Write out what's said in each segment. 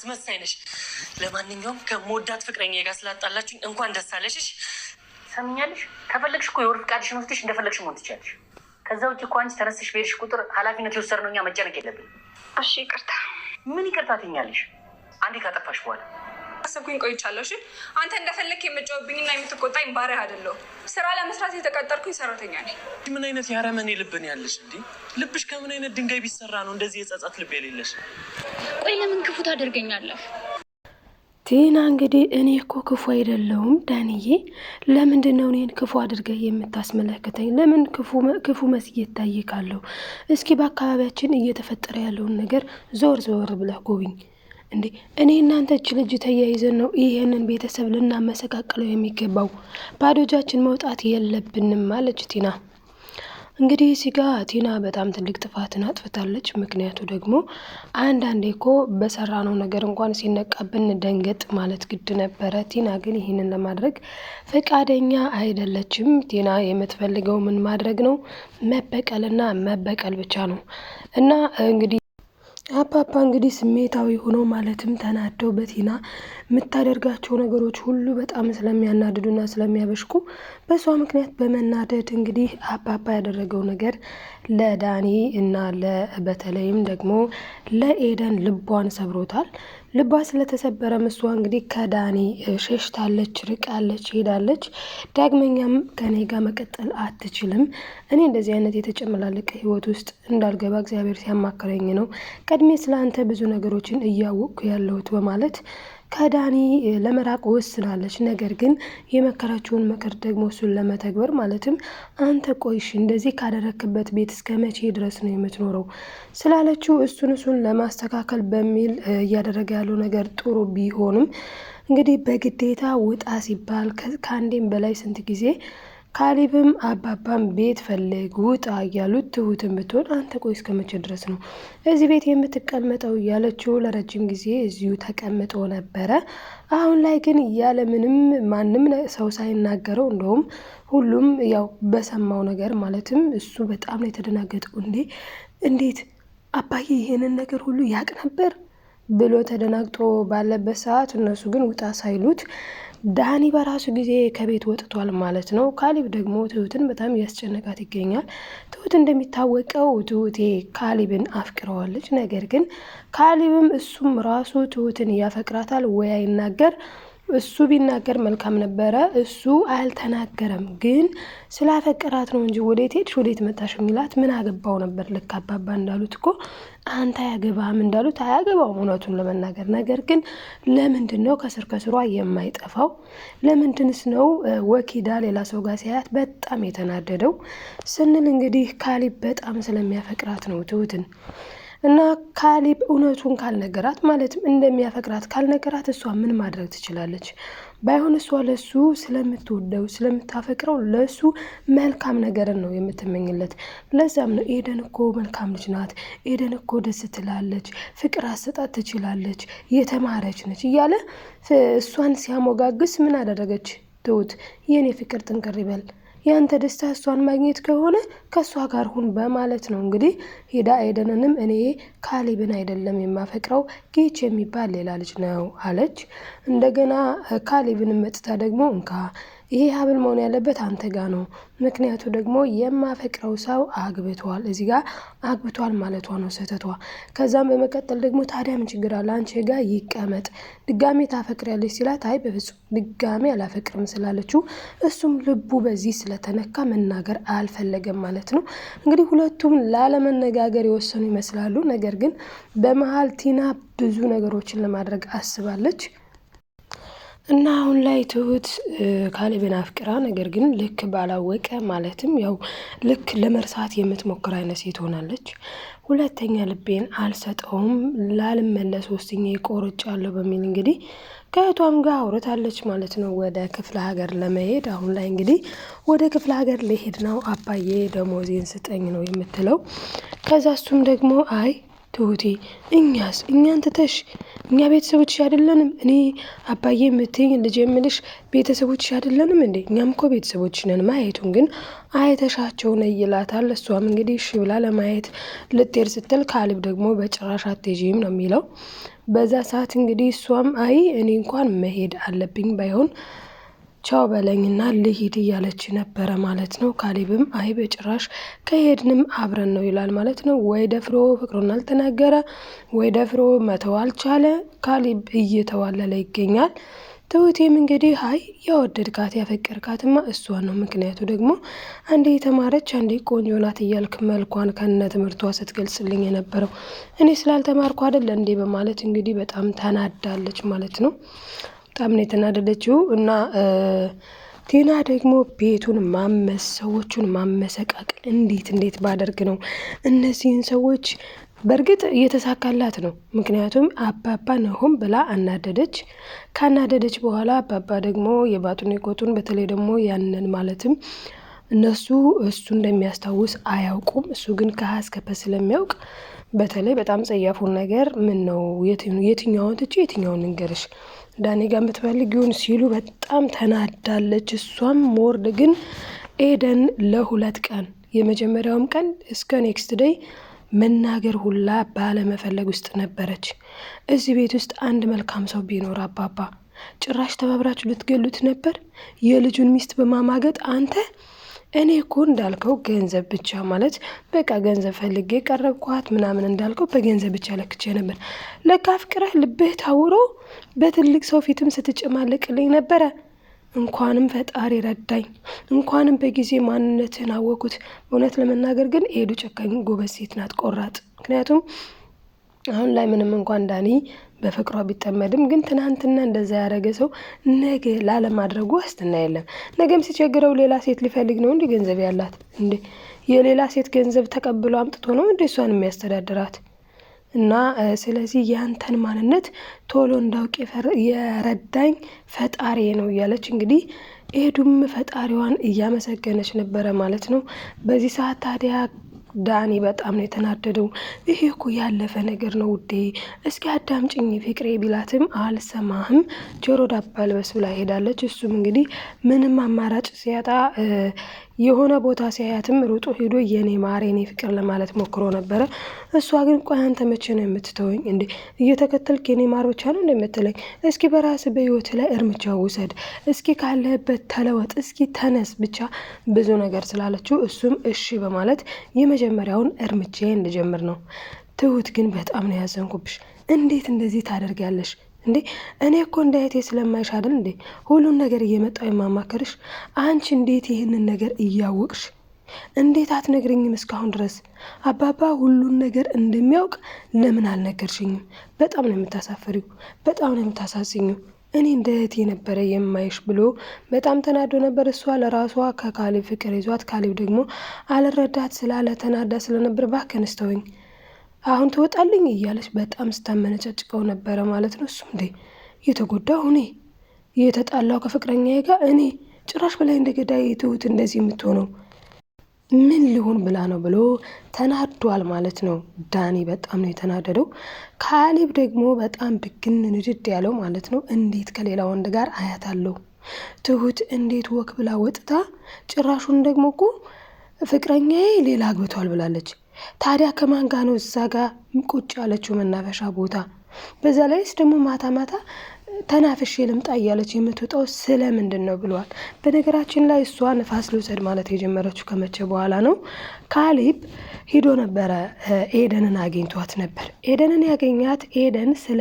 አስመሳይ ነሽ። ለማንኛውም ከመወዳት ፍቅረኛ ጋር ስላጣላችሁኝ እንኳን ደስ አለሽሽ። ሰምኛለሽ። ከፈለግሽ እኮ የወር ፍቃድሽን ወስደሽ እንደፈለግሽ መሆን ትችያለሽ። ከዛ ውጭ እኮ አንቺ ተነስሽ በሄድሽ ቁጥር ኃላፊነት የወሰድነው እኛ መጨነቅ የለብን። እሺ ይቅርታ። ምን ይቅርታ ትኛለሽ? አንዴ ካጠፋሽ በኋላ አሰብኩኝ ቆይቻለሁ። እሺ አንተ እንደፈለክ የምጫወብኝና የምትቆጣኝ ባሪያ አይደለሁ። ስራ ለመስራት የተቀጠርኩኝ ሰራተኛ ነኝ። ምን አይነት የአረመኔ ልብን ያለሽ እንዲ ልብሽ ከምን አይነት ድንጋይ ቢሰራ ነው እንደዚህ የጸጸት ልብ የሌለሽ? ቆይ ለምን ክፉ ታደርገኛለሁ? ቲና እንግዲህ እኔ እኮ ክፉ አይደለሁም ዳንዬ፣ ለምንድን ነው እኔን ክፉ አድርገህ የምታስመለክተኝ? ለምን ክፉ መስዬ ታይካለሁ? እስኪ በአካባቢያችን እየተፈጠረ ያለውን ነገር ዞር ዞር ብለህ ጎብኝ። እንዴ እኔ እናንተ እች ልጅ ተያይዘን ነው ይህንን ቤተሰብ ልናመሰቃቅለው የሚገባው። ባዶ እጃችን መውጣት የለብንም አለች ቲና። እንግዲህ ሲጋ ቲና በጣም ትልቅ ጥፋትን አጥፍታለች። ምክንያቱ ደግሞ አንዳንዴ እኮ በሰራነው ነገር እንኳን ሲነቃብን ደንገጥ ማለት ግድ ነበረ። ቲና ግን ይህንን ለማድረግ ፈቃደኛ አይደለችም። ቲና የምትፈልገው ምን ማድረግ ነው? መበቀልና መበቀል ብቻ ነው እና እንግዲህ አፓፓ እንግዲህ ስሜታዊ ሆኖ ማለትም ተናደው በቲና የምታደርጋቸው ነገሮች ሁሉ በጣም ስለሚያናድዱና ስለሚያበሽቁ በሷ ምክንያት በመናደድ እንግዲህ አፓፓ ያደረገው ነገር ለዳኒ እና በተለይም ደግሞ ለኤደን ልቧን ሰብሮታል። ልቧ ስለተሰበረ ምስዋ እንግዲህ ከዳኒ ሸሽታለች፣ ርቃለች፣ ሄዳለች። ዳግመኛም ከኔ ጋር መቀጠል አትችልም። እኔ እንደዚህ አይነት የተጨመላለቀ ህይወት ውስጥ እንዳልገባ እግዚአብሔር ሲያማክረኝ ነው ቀድሜ ስለ አንተ ብዙ ነገሮችን እያወቅኩ ያለሁት በማለት ከዳኒ ለመራቅ ወስናለች። ነገር ግን የመከረችውን ምክር ደግሞ እሱን ለመተግበር ማለትም አንተ ቆይሽ እንደዚህ ካደረክበት ቤት እስከ መቼ ድረስ ነው የምትኖረው ስላለችው እሱን እሱን ለማስተካከል በሚል እያደረገ ያለው ነገር ጥሩ ቢሆንም እንግዲህ በግዴታ ውጣ ሲባል ከአንዴም በላይ ስንት ጊዜ ካሊብም አባባም ቤት ፈልግ ውጣ እያሉት ትሁትን ብትሆን አንተ ቆይ እስከ መቼ ድረስ ነው እዚህ ቤት የምትቀመጠው? እያለችው ለረጅም ጊዜ እዚሁ ተቀምጦ ነበረ። አሁን ላይ ግን እያለ ምንም ማንም ሰው ሳይናገረው እንደውም ሁሉም ያው በሰማው ነገር ማለትም እሱ በጣም ነው የተደናገጠው። እንዴ እንዴት አባዬ ይሄንን ነገር ሁሉ ያቅ ነበር ብሎ ተደናግጦ ባለበት ሰዓት እነሱ ግን ውጣ ሳይሉት ዳኒ በራሱ ጊዜ ከቤት ወጥቷል ማለት ነው። ካሊብ ደግሞ ትሁትን በጣም እያስጨነቃት ይገኛል። ትሁት እንደሚታወቀው ትሁቴ ካሊብን አፍቅረዋለች። ነገር ግን ካሊብም እሱም ራሱ ትሁትን እያፈቅራታል ወይ አይናገር እሱ ቢናገር መልካም ነበረ። እሱ አልተናገረም፣ ግን ስላፈቀራት ነው እንጂ ወዴት ሄድሽ ወዴት መጣሽ የሚላት ምን አገባው ነበር። ልክ አባባ እንዳሉት እኮ አንተ አያገባም እንዳሉት አያገባውም፣ እውነቱን ለመናገር ነገር ግን ለምንድን ነው ከስር ከስሯ የማይጠፋው? ለምንድንስ ነው ወኪዳ ሌላ ሰው ጋር ሲያያት በጣም የተናደደው ስንል እንግዲህ ካሊብ በጣም ስለሚያፈቅራት ነው ትሁትን እና ካሌብ እውነቱን ካልነገራት ማለትም እንደሚያፈቅራት ካልነገራት እሷ ምን ማድረግ ትችላለች? ባይሆን እሷ ለሱ ስለምትወደው ስለምታፈቅረው ለሱ መልካም ነገርን ነው የምትመኝለት። ለዛም ነው ኤደን እኮ መልካም ልጅ ናት፣ ኤደን እኮ ደስ ትላለች፣ ፍቅር አሰጣት ትችላለች፣ የተማረች ነች እያለ እሷን ሲያሞጋግስ ምን አደረገች ትሁት? የእኔ ፍቅር ጥንቅር ይበል ያንተ ደስታ እሷን ማግኘት ከሆነ ከእሷ ጋር ሁን በማለት ነው እንግዲህ ሄዳ አይደንንም እኔ ካሌብን አይደለም የማፈቅረው ጌች የሚባል ሌላ ልጅ ነው አለች። እንደገና ካሌብንም መጥታ ደግሞ እንካ ይሄ ሀብል መሆን ያለበት አንተ ጋ ነው። ምክንያቱ ደግሞ የማፈቅረው ሰው አግብቷል፣ እዚህ ጋር አግብቷል ማለቷ ነው ስህተቷ። ከዛም በመቀጠል ደግሞ ታዲያ ምን ችግር አለ አንቺ ጋ ይቀመጥ፣ ድጋሜ ታፈቅሪያለች ሲላት አይ በፍጹም ድጋሜ አላፈቅርም ስላለችው እሱም ልቡ በዚህ ስለተነካ መናገር አልፈለገም ማለት ነው። እንግዲህ ሁለቱም ላለመነጋገር የወሰኑ ይመስላሉ። ነገር ግን በመሀል ቲና ብዙ ነገሮችን ለማድረግ አስባለች። እና አሁን ላይ ትሁት ካሌብን አፍቅራ ነገር ግን ልክ ባላወቀ ማለትም ያው ልክ ለመርሳት የምትሞክር አይነት ሴት ሆናለች። ሁለተኛ ልቤን አልሰጠውም ላልመለስ ወስኜ ቆርጫለሁ በሚል እንግዲህ ከእህቷም ጋር አውርታለች ማለት ነው፣ ወደ ክፍለ ሀገር ለመሄድ። አሁን ላይ እንግዲህ ወደ ክፍለ ሀገር ሊሄድ ነው አባዬ ደሞዜን ስጠኝ ነው የምትለው። ከዛ እሱም ደግሞ አይ ትሁቴ እኛስ እኛን ትተሽ እኛ ቤተሰቦች አይደለንም? እኔ አባዬ የምትይኝ ልጄ የምልሽ ቤተሰቦች አይደለንም እንዴ? እኛም እኮ ቤተሰቦች ነን። ማየቱን ግን አይተሻቸው ነ ይላታል። እሷም እንግዲህ እሺ ብላ ለማየት ልትሄድ ስትል ካሌብ ደግሞ በጭራሽ አትሄጂም ነው የሚለው። በዛ ሰዓት እንግዲህ እሷም አይ እኔ እንኳን መሄድ አለብኝ ባይሆን ቻው በለኝና ልሂድ እያለች ነበረ ማለት ነው። ካሌብም አይ በጭራሽ ከሄድንም አብረን ነው ይላል ማለት ነው። ወይ ደፍሮ ፍቅሩን አልተናገረ፣ ወይ ደፍሮ መተው አልቻለ። ካሌብ እየተዋለለ ይገኛል። ትሁቴም እንግዲህ ሀይ ያወደድካት ያፈቀርካትማ እሷ ነው። ምክንያቱ ደግሞ አንዴ የተማረች አንዴ ቆንጆ ናት እያልክ መልኳን ከነ ትምህርቷ ስትገልጽልኝ የነበረው እኔ ስላልተማርኩ አይደል እንዴ በማለት እንግዲህ በጣም ተናዳለች ማለት ነው። በጣም ነው የተናደደችው እና ቴና ደግሞ ቤቱን ማመስ ሰዎቹን ማመሰቃቅ እንዴት እንዴት ባደርግ ነው እነዚህን ሰዎች በእርግጥ እየተሳካላት ነው። ምክንያቱም አባባ ነሆም ብላ አናደደች። ካናደደች በኋላ አባባ ደግሞ የባጡን የቆጡን በተለይ ደግሞ ያንን ማለትም እነሱ እሱ እንደሚያስታውስ አያውቁም። እሱ ግን ከሀ እስከ ፐ ስለሚያውቅ በተለይ በጣም ጸያፉን ነገር ምን ነው የትኛውን ትቼ የትኛውን ንገርሽ ዳኔ ጋር የምትፈልጊውን ሲሉ በጣም ተናዳለች። እሷም ሞርድ ግን ኤደን ለሁለት ቀን የመጀመሪያውም ቀን እስከ ኔክስት ደይ መናገር ሁላ ባለመፈለግ ውስጥ ነበረች። እዚህ ቤት ውስጥ አንድ መልካም ሰው ቢኖር አባባ ጭራሽ ተባብራችሁ ልትገሉት ነበር። የልጁን ሚስት በማማገጥ አንተ እኔ እኮ እንዳልከው ገንዘብ ብቻ ማለት በቃ ገንዘብ ፈልጌ ቀረብኳት ምናምን እንዳልከው በገንዘብ ብቻ ለክቼ ነበር። ለካ አፍቅረህ ልብህ ታውሮ በትልቅ ሰው ፊትም ስትጨማለቅልኝ ነበረ። እንኳንም ፈጣሪ ረዳኝ፣ እንኳንም በጊዜ ማንነትህን አወኩት። እውነት ለመናገር ግን ሄዱ ጨካኝ ጎበዝ ሴት ናት፣ ቆራጥ። ምክንያቱም አሁን ላይ ምንም እንኳን ዳኒ በፍቅሯ ቢጠመድም ግን ትናንትና እንደዛ ያደረገ ሰው ነገ ላለማድረጉ ዋስትና የለም። ነገም ሲቸግረው ሌላ ሴት ሊፈልግ ነው እንዴ? ገንዘብ ያላት እንዴ? የሌላ ሴት ገንዘብ ተቀብሎ አምጥቶ ነው እንዴ እሷን የሚያስተዳድራት? እና ስለዚህ ያንተን ማንነት ቶሎ እንዳውቅ የረዳኝ ፈጣሪ ነው እያለች እንግዲህ ኤዱም ፈጣሪዋን እያመሰገነች ነበረ ማለት ነው። በዚህ ሰዓት ታዲያ ዳኒ በጣም ነው የተናደደው። ይሄ እኮ ያለፈ ነገር ነው ውዴ፣ እስኪ ጭኝ ፍቅሬ ቢላትም አልሰማህም፣ ጆሮ ዳባ ልበስ ብላ ሄዳለች። እሱም እንግዲህ ምንም አማራጭ ሲያጣ የሆነ ቦታ ሲያያትም ሩጦ ሄዶ የኔ ማር የኔ ፍቅር ለማለት ሞክሮ ነበረ። እሷ ግን ቆይ አንተ መቼ ነው የምትተወኝ እንዴ? እየተከተልክ የኔ ማር ብቻ ነው እንደምትለኝ? እስኪ በራስህ በህይወት ላይ እርምጃ ውሰድ፣ እስኪ ካለህበት ተለወጥ፣ እስኪ ተነስ ብቻ ብዙ ነገር ስላለችው እሱም እሺ በማለት የመጀመሪያውን እርምጃ እንድጀምር ነው። ትሁት ግን በጣም ነው ያዘንኩብሽ። እንዴት እንደዚህ ታደርጊያለሽ? እንዴ እኔ እኮ እንደ እህቴ ስለማይሽ አይደል እንዴ ሁሉን ነገር እየመጣው የማማከርሽ? አንቺ እንዴት ይህንን ነገር እያወቅሽ እንዴት አትነግርኝም? እስካሁን ድረስ አባባ ሁሉን ነገር እንደሚያውቅ ለምን አልነገርሽኝም? በጣም ነው የምታሳፈሪው፣ በጣም ነው የምታሳዝኙ። እኔ እንደ እህቴ የነበረ የማይሽ ብሎ በጣም ተናዶ ነበር። እሷ ለራሷ ከካሌብ ፍቅር ይዟት፣ ካሌብ ደግሞ አልረዳት ስላለ ተናዳ ስለነበር ባከንስተውኝ አሁን ትወጣልኝ እያለች በጣም ስታመነጫጭቀው ነበረ ማለት ነው። እሱ እንዴ የተጎዳው እኔ የተጣላው ከፍቅረኛዬ ጋር እኔ ጭራሽ በላይ እንደ ገዳይ ትሁት እንደዚህ የምትሆነው ምን ሊሆን ብላ ነው ብሎ ተናዷል ማለት ነው። ዳኒ በጣም ነው የተናደደው። ካሌብ ደግሞ በጣም ብግን ንድድ ያለው ማለት ነው። እንዴት ከሌላ ወንድ ጋር አያታለሁ ትሁት እንዴት ወክ ብላ ወጥታ ጭራሹን ደግሞ እኮ ፍቅረኛዬ ሌላ አግብቷል ብላለች። ታዲያ ከማን ነው እዛ ጋር ቁጭ ያለችው መናፈሻ ቦታ? በዛ ላይስ ደግሞ ማታ ማታ ተናፍሼ ልምጣ እያለች የምትወጣው ስለምንድን ነው ብሏል። በነገራችን ላይ እሷ ንፋስ ልውሰድ ማለት የጀመረችው ከመቼ በኋላ ነው? ካሊብ ሂዶ ነበረ ኤደንን አግኝቷት ነበር። ኤደንን ያገኛት ኤደን ስለ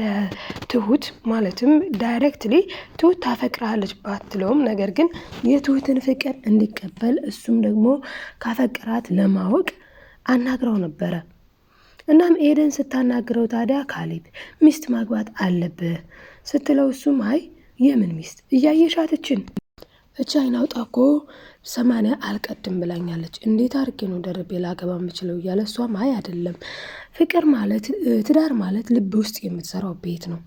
ትሁት ማለትም ዳይሬክትሊ ትሁት ታፈቅራለች ባትለውም፣ ነገር ግን የትሁትን ፍቅር እንዲቀበል እሱም ደግሞ ካፈቅራት ለማወቅ አናግረው ነበረ። እናም ኤደን ስታናግረው ታዲያ ካሌብ ሚስት ማግባት አለብህ ስትለው እሱም አይ የምን ሚስት እያየሻትችን እቺ አይናውጣ እኮ ሰማንያ አልቀድም ብላኛለች። እንዴት አድርጌ ነው ደርቤ ላገባ የምችለው? እያለ እሷም አይ አይደለም፣ ፍቅር ማለት ትዳር ማለት ልብ ውስጥ የምትሰራው ቤት ነው፣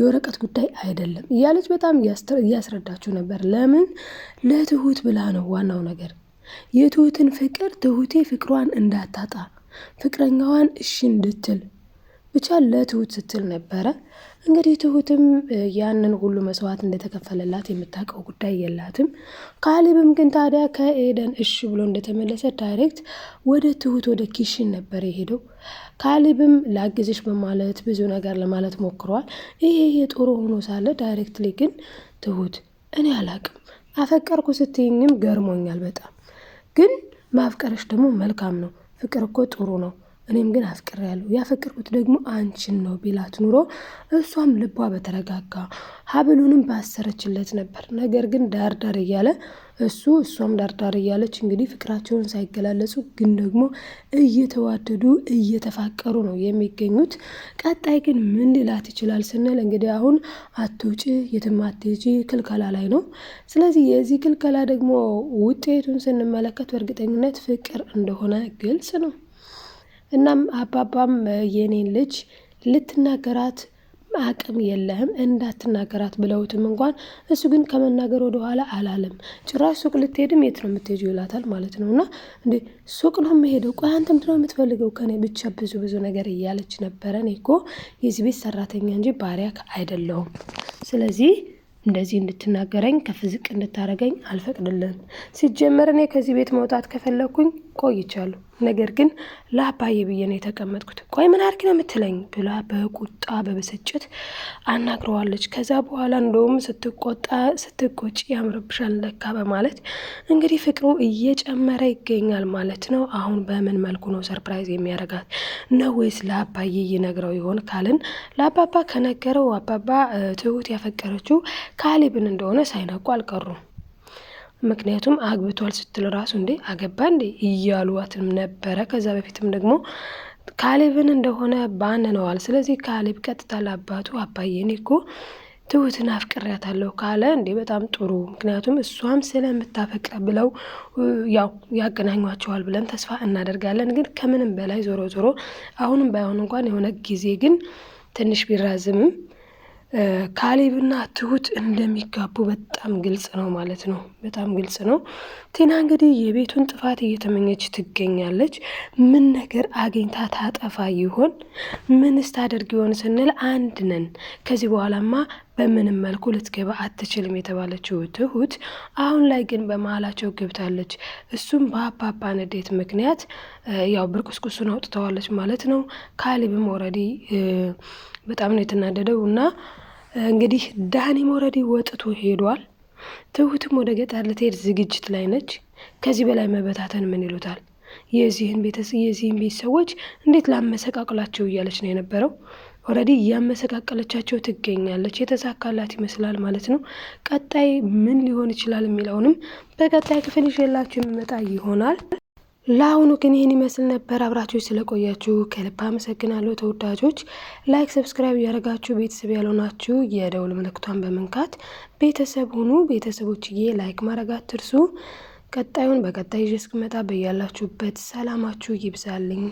የወረቀት ጉዳይ አይደለም እያለች በጣም እያስረዳችሁ ነበር። ለምን ለትሁት ብላ ነው ዋናው ነገር የትሁትን ፍቅር ትሁቴ ፍቅሯን እንዳታጣ ፍቅረኛዋን እሺ እንድትል ብቻ ለትሁት ስትል ነበረ። እንግዲህ ትሁትም ያንን ሁሉ መስዋዕት እንደተከፈለላት የምታውቀው ጉዳይ የላትም። ካሊብም ግን ታዲያ ከኤደን እሺ ብሎ እንደተመለሰ ዳይሬክት ወደ ትሁት ወደ ኪሽን ነበር የሄደው። ካሊብም ላግዝሽ በማለት ብዙ ነገር ለማለት ሞክሯል። ይሄ የጦሮ ሆኖ ሳለ ዳይሬክትሊ ግን ትሁት እኔ አላቅም አፈቀርኩ ስትይኝም ገርሞኛል በጣም ግን ማፍቀረሽ ደግሞ መልካም ነው። ፍቅር እኮ ጥሩ ነው። እኔም ግን አፍቅሬያለሁ ያፈቅርኩት ደግሞ አንቺን ነው ቢላት ኑሮ እሷም ልቧ በተረጋጋ ሀብሉንም ባሰረችለት ነበር። ነገር ግን ዳርዳር እያለ እሱ እሷም ዳርዳር እያለች እንግዲህ ፍቅራቸውን ሳይገላለጹ ግን ደግሞ እየተዋደዱ እየተፋቀሩ ነው የሚገኙት። ቀጣይ ግን ምን ሊላት ይችላል ስንል እንግዲህ አሁን አትውጪ፣ የትም አትሄጂ ክልከላ ላይ ነው። ስለዚህ የዚህ ክልከላ ደግሞ ውጤቱን ስንመለከት በእርግጠኝነት ፍቅር እንደሆነ ግልጽ ነው። እናም አባባም የኔን ልጅ ልትናገራት አቅም የለህም እንዳትናገራት ብለውትም እንኳን እሱ ግን ከመናገር ወደ ኋላ አላለም። ጭራሽ ሱቅ ልትሄድም የት ነው የምትሄዱ ይላታል ማለት ነው። እና እንዴ ሱቅ ነው የምሄደው? ቆይ አንተ ምንድን ነው የምትፈልገው ከኔ? ብቻ ብዙ ብዙ ነገር እያለች ነበረ። እኔ እኮ የዚህ ቤት ሰራተኛ እንጂ ባሪያ አይደለሁም። ስለዚህ እንደዚህ እንድትናገረኝ ከፍዝቅ እንድታደረገኝ አልፈቅድልህም። ሲጀመር እኔ ከዚህ ቤት መውጣት ከፈለግኩኝ ቆይቻለሁ። ነገር ግን ለአባዬ ብዬ ነው የተቀመጥኩት። ቆይ ምን አድርግ ነው የምትለኝ ብላ በቁጣ በብስጭት አናግረዋለች። ከዛ በኋላ እንደውም ስትቆጣ ስትቆጭ ያምርብሻል ለካ በማለት እንግዲህ ፍቅሩ እየጨመረ ይገኛል ማለት ነው። አሁን በምን መልኩ ነው ሰርፕራይዝ የሚያደርጋት ነው? ወይስ ለአባዬ ይነግረው ይሆን ካልን ለአባባ ከነገረው አባባ ትሁት ያፈቀረችው ካሊብን እንደሆነ ሳይነቁ አልቀሩም። ምክንያቱም አግብቷል ስትል ራሱ እንዴ አገባ እንዴ እያሉዋትም ነበረ። ከዛ በፊትም ደግሞ ካሌብን እንደሆነ ባንነዋል። ስለዚህ ካሌብ ቀጥታ ለአባቱ አባዬ እኔ እኮ ትሁትን አፍቅሬያታለሁ ካለ እንዴ በጣም ጥሩ፣ ምክንያቱም እሷም ስለምታፈቅረ ብለው ያው ያገናኟቸዋል ብለን ተስፋ እናደርጋለን። ግን ከምንም በላይ ዞሮ ዞሮ አሁንም ባይሆን እንኳን የሆነ ጊዜ ግን ትንሽ ቢራዝምም ካሌብና ትሁት እንደሚጋቡ በጣም ግልጽ ነው ማለት ነው። በጣም ግልጽ ነው። ቴና እንግዲህ የቤቱን ጥፋት እየተመኘች ትገኛለች። ምን ነገር አግኝታ ታጠፋ ይሆን? ምንስ ታደርግ ይሆን ስንል አንድ ነን። ከዚህ በኋላማ በምንም መልኩ ልትገባ አትችልም የተባለችው ትሁት አሁን ላይ ግን በመሀላቸው ገብታለች። እሱም በአባባ ንዴት ምክንያት ያው ብርቁስቁሱን አውጥተዋለች ማለት ነው። ካሊብም ኦልሬዲ በጣም ነው የተናደደው እና እንግዲህ ዳኒም ኦልሬዲ ወጥቶ ሄዷል። ትሁትም ወደ ገጠር ልትሄድ ዝግጅት ላይ ነች። ከዚህ በላይ መበታተን ምን ይሉታል? የዚህን ቤተሰብ የዚህን ቤት ሰዎች እንዴት ላመሰቃቅላቸው እያለች ነው የነበረው። ኦልሬዲ እያመሰቃቀለቻቸው ትገኛለች። የተሳካላት ይመስላል ማለት ነው። ቀጣይ ምን ሊሆን ይችላል የሚለውንም በቀጣይ ክፍል ይዤላችሁ የሚመጣ ይሆናል። ለአሁኑ ግን ይህን ይመስል ነበር። አብራችሁ ስለቆያችሁ ከልብ አመሰግናለሁ ተወዳጆች። ላይክ፣ ሰብስክራይብ እያደረጋችሁ ቤተሰብ ያልሆናችሁ የደውል ምልክቷን በመንካት ቤተሰብ ሁኑ። ቤተሰቦችዬ ላይክ ማድረግ አትርሱ። ቀጣዩን በቀጣይ ይዤ እስክመጣ በያላችሁበት ሰላማችሁ ይብዛልኝ።